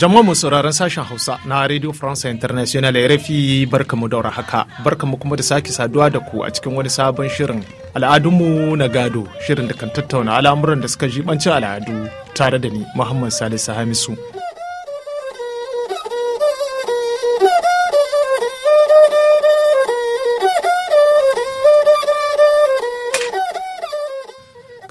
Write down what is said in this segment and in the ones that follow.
jama'a sauraron sashen hausa na radio france international rfi mu daura haka barka mu kuma da sake saduwa da ku a cikin wani sabon shirin al'adunmu na gado shirin da kan tattauna al'amuran da suka jibanci al'adu tare da ni muhammad salisu hamisu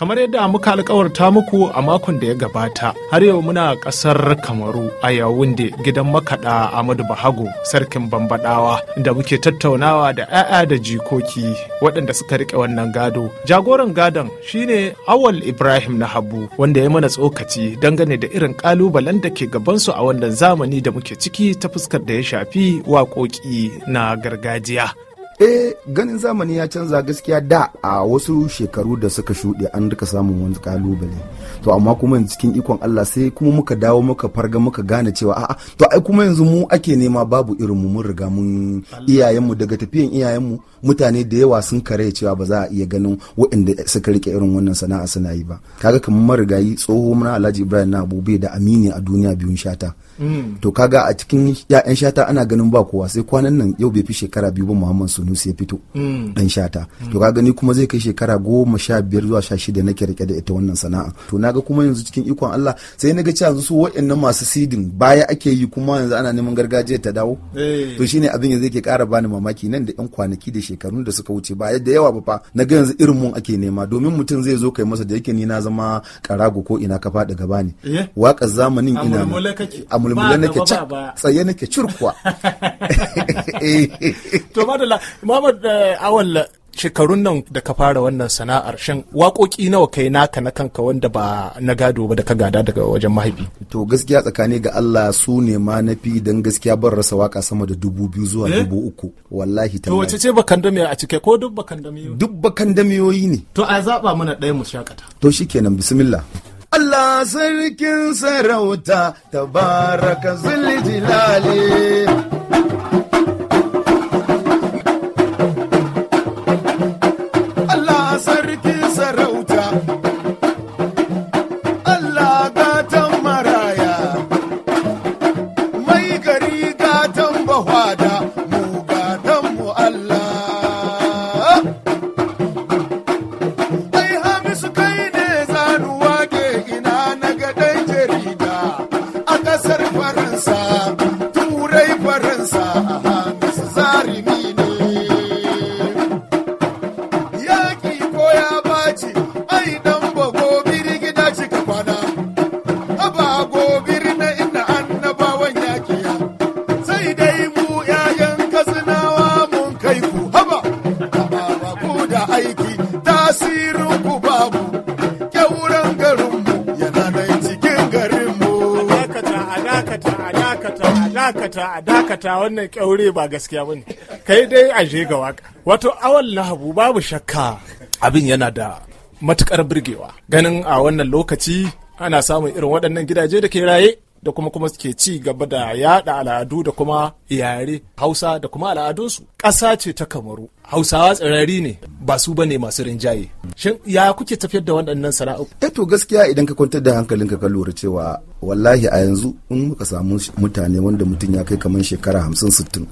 kamar yadda muka alkawarta muku a makon da ya gabata har yau muna ƙasar kamaru a yawun da gidan makaɗa amadu bahago sarkin bambadawa da muke tattaunawa da 'ya'ya da jikoki waɗanda suka riƙe wannan gado jagoran gadon shine awal ibrahim na habu wanda ya mana tsokaci dangane da irin ƙalubalen da ke gabansu a wannan zamani da muke ciki ta fuskar da ya shafi waƙoƙi na gargajiya eh ganin zamani ya canza gaskiya da a wasu shekaru da suka shuɗe an rika samun wani kalubale to amma kuma cikin ikon Allah sai kuma muka dawo muka farga muka gane cewa a'a to ai kuma yanzu mu ake nema babu irin mu mun riga mun iyayenmu daga tafiyan iyayenmu mutane da yawa sun kare cewa ba za a iya ganin waɗanda suka rike irin wannan sana'a suna yi ba kaga kamar marigayi tsoho na Alhaji Ibrahim na Abu da amini a duniya biyun shata mm. to kaga a cikin 'ya'yan shata ana ganin ba kowa sai kwanan nan yau bai fi shekara biyu ba Muhammad sunusi ya fito dan mm. shata mm. to ka gani kuma zai kai shekara goma sha biyar zuwa sha shida nake rike da ita wannan sana'a to naga kuma yanzu cikin ikon Allah sai naga cewa su waɗannan masu sidin baya ake yi kuma yanzu ana neman gargajiya ta dawo eh. to shine abin yanzu yake ƙara bani mamaki nan da yan kwanaki da shekarun da suka wuce ba da yawa ba fa naga yanzu irin mun ake nema domin mutum zai zo kai masa da yake ni na zama karago ko ina ka faɗa gaba ne eh. waƙar zamanin ina a mulmulai nake tsaye nake curkuwa eh. to madalla Muhammad eh, Awalla shekarun nan da ka fara wannan sana'ar shin waƙoƙi nawa kai naka na kanka wanda ba na gado ba da ka gada daga wajen mahaifi to gaskiya tsakani ga Allah su ne ma na fi dan gaskiya ban rasa waka sama da dubu biyu zuwa eh? dubu uku wallahi ta to wace ce bakan damiya a cike ko duk bakan damiyoyi duk bakan damiyoyi ne to a zaba mana ɗaya mu shakata to kenan, bismillah Allah sarkin sarauta tabaraka jilali. dakata a dakata wannan kyaure ba gaskiya ba ne kai dai a je ga waka wato awal lahabu babu shakka abin yana da matukar birgewa ganin a wannan lokaci ana samun irin waɗannan gidaje da ke raye da kuma kuma ke ci gaba da yada al'adu da kuma yare hausa da kuma al'adunsu ƙasa ce ta kamaru hausawa tsirari ne ba su bane masu rinjaye shin ya kuke tafiyar da waɗannan sana'o eh to gaskiya idan ka kwantar da hankalinka ka lura cewa wallahi a yanzu in muka samu mutane wanda mutum ya kai kamar shekara hamsin sittin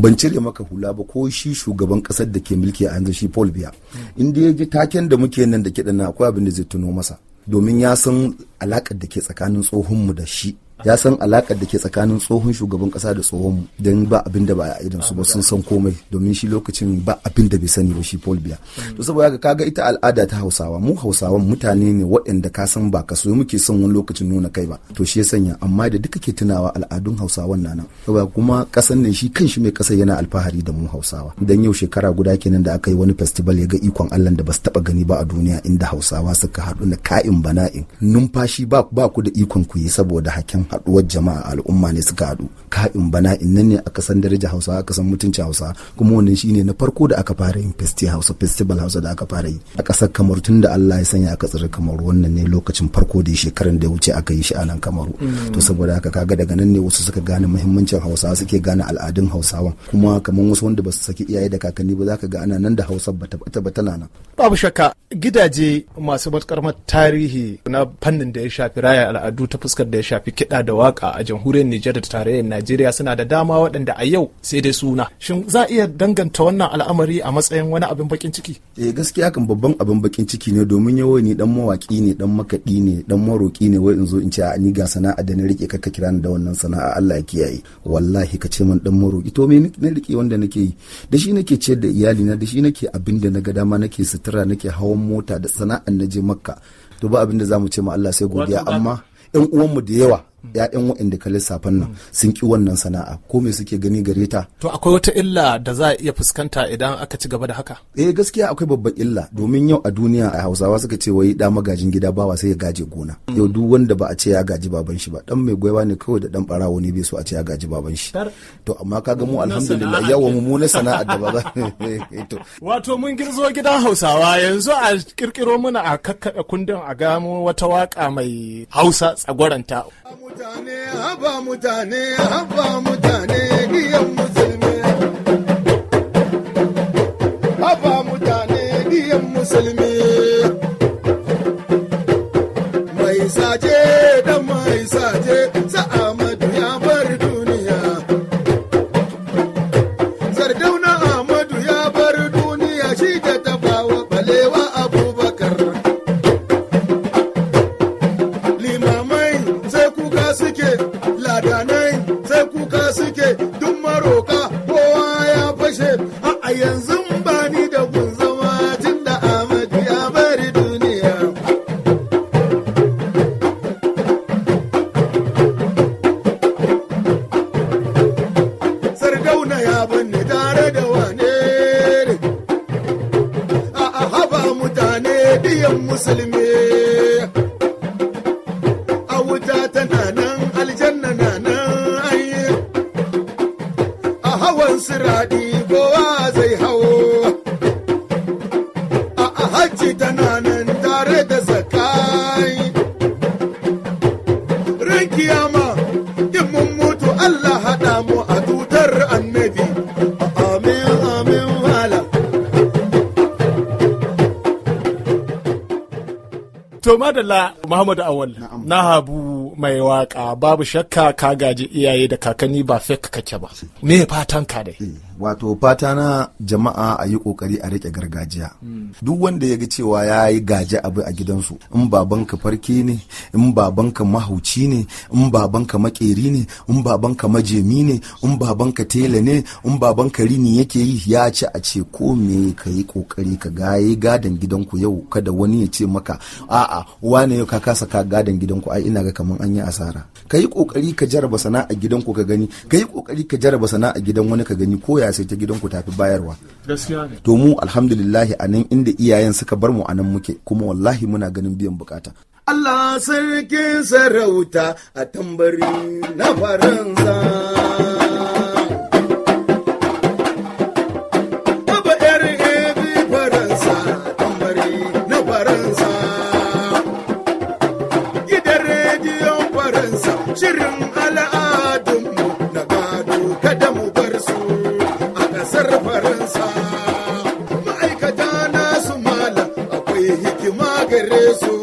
ban cire maka hula ba ko shi shugaban ƙasar da ke mulki a yanzu shi paul biya hmm. in dai ji taken da muke nan da kiɗan akwai abin da zai tuno masa domin ya san alaƙar da ke tsakanin tsohonmu da shi ya san alakar da ke tsakanin tsohon shugaban kasa da tsohon mu don ba abin da ba a idan su ba sun san komai domin shi lokacin ba abin da bai sani ba shi Paul Biya hmm. to saboda ka kaga ita al'ada ta Hausawa mu Hausawan mutane ne waɗanda ka san ba ka so muke son wani lokacin nuna kai ba to shi ya sanya amma da duka ke tunawa al'adun Hausawan nan saboda kuma kasan nan shi kan shi mai kasa yana alfahari da mu Hausawa dan yau shekara guda kenan da aka yi wani festival ya ga ikon Allah da ba su taba gani ba a duniya inda Hausawa suka haɗu na ka'in bana'in numfashi ba ku da ikon ku yi saboda hakan haɗuwar jama'a al'umma ne suka haɗu ka'in bana in nan ne aka san daraja hausa aka san mutunci hausa kuma wannan shine na farko da aka fara yin festi hausa festival hausa da aka fara yi a ƙasar kamaru tun da allah ya sanya aka tsira kamaru wannan ne lokacin farko da shekaran da ya wuce aka yi shi a nan kamaru mm. to saboda haka kaga daga nan ne wasu suka gane muhimmancin hausa suke gane al'adun Hausawa. kuma kamar wasu wanda ba su saki iyaye da kakanni ba za ka ga ana nan da hausa ba ta ba tana nan babu shakka gidaje masu matukar tarihi na fannin da ya shafi raya al'adu ta fuskar da ya shafi kiɗa kiɗa da waka a jamhuriyar Nijar da tarayyar Najeriya suna da dama waɗanda a yau sai dai suna. Shin za a iya danganta wannan al'amari a matsayin wani abin bakin ciki? Eh gaskiya kan babban abin bakin ciki ne domin yau ni dan mawaki ne, dan makaɗi ne, dan maroki ne wai in zo in ce a ni ga sana'a da na rike kakka kira ni da wannan sana'a Allah ya kiyaye. Wallahi ka ce man dan maroki to me na rike wanda nake yi? Da shi nake ciyar da iyalina, da shi nake abin da na ga dama nake sutura nake hawan mota da sana'an na je Makka. To ba abin da za mu ce ma Allah sai godiya amma 'yan uwanmu da yawa Mm. ya'yan waɗanda ka lissafan nan mm. sun ki wannan sana'a ko me suke gani gare ta to akwai wata illa da za a iya fuskanta idan aka ci gaba da haka eh gaskiya akwai babban illa domin yau a duniya a hausawa suka ce wai da magajin gida bawa sai ya gaje gona mm. yau duk wanda ba a ce ya gaji baban shi ba dan mai gwaiwa ne kawai da dan barawo ne bai so a ce ya gaji baban shi to amma ga mu alhamdulillah yawa mu na sana'a da ba to wato mun girzo gidan hausawa yanzu a kirkiro muna a kakkaɗa kundin a gamo wata waka mai hausa tsagwaranta mutane haba mutane haba mutane giyan musulmi haba mutane giyan musulmi mai saje suke duk maroka kowa ya fashe a yanzu ba ni da gun zama tun da amadu ya bari duniya sardauna ya banne tare da wane ne a haba mutane biyan musulmi kiyama in mun mutu Allah haɗa mu a tutar annabi amin amin malam to madalla Muhammadu Awal na habu mai waka babu shakka ka gaji iyaye da kakanni ba ka kake ba me fatan ka dai eh, wato fata na jama'a a yi kokari a rike gargajiya duk wanda ya ga cewa ya yi gaji abu a gidansu in babanka farke ne in babanka mahauci ne in babanka makeri ne in babanka majemi ne in babanka tela ne in babanka rini yake yi ya ci a ce ko me ka yi kokari ka ga yi gadon gidanku yau kada wani ya ce maka a'a wane yau ka kasa ka gadon gidanku ai ina ga kaman an an yi asara ka yi kokari ka jarraba sana'a gidanku ka gani ka yi kokari ka jarraba sana'a gidan wani ka gani ko ya sai ta gidanku tafi bayarwa to mu alhamdulillah a nan inda iyayen suka bar mu a nan muke kuma wallahi muna ganin biyan bukata Allah sarkin sarauta a tambari na Faransa. ƙarninsa ma'aikata nasu malam akwai hikima gare su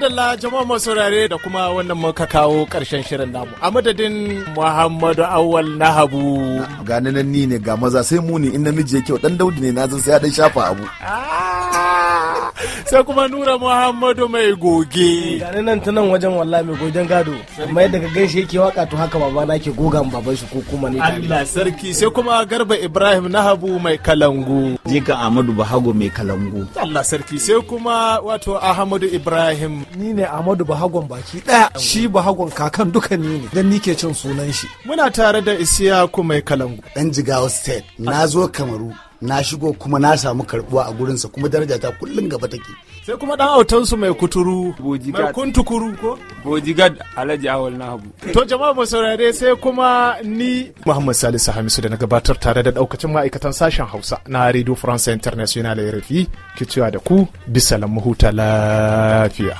madalla jama'a masu saurare da kuma wannan muka kawo karshen shirin namu a madadin muhammadu awwal nahabu ga nan ni ne ga maza sai mu ne in namiji yake kyau dan daudi ne na zan sai ya dan shafa abu ah! sai kuma nura muhammadu mai goge ganin nan ta nan wajen walla mai gogen gado amma yadda ka gan shi yake waka to haka baba na ke gogan baban shi ko kuma ne Allah sarki sai kuma garba ibrahim nahabu mai kalangu jika amadu bahago mai kalangu Allah sarki sai kuma wato ahmadu ibrahim ni ne amadu bahagon baki daya shi bahagon kakan duka ni ne dan nike cin sunan shi muna tare da isiyaku mai kalangu dan jigawa state na zo kamaru na shigo kuma na samu karbuwa a gurinsa kuma daraja ta kullum gaba take sai kuma dan autansu mai kuturu mai kuntukuru ko bojigad alhaji awal nahabu to jama'a mu saurare sai kuma ni muhammad salisu hamisu da na gabatar tare da daukacin ma'aikatan sashen hausa na radio france international rfi ke cewa da ku bisa lamu lafiya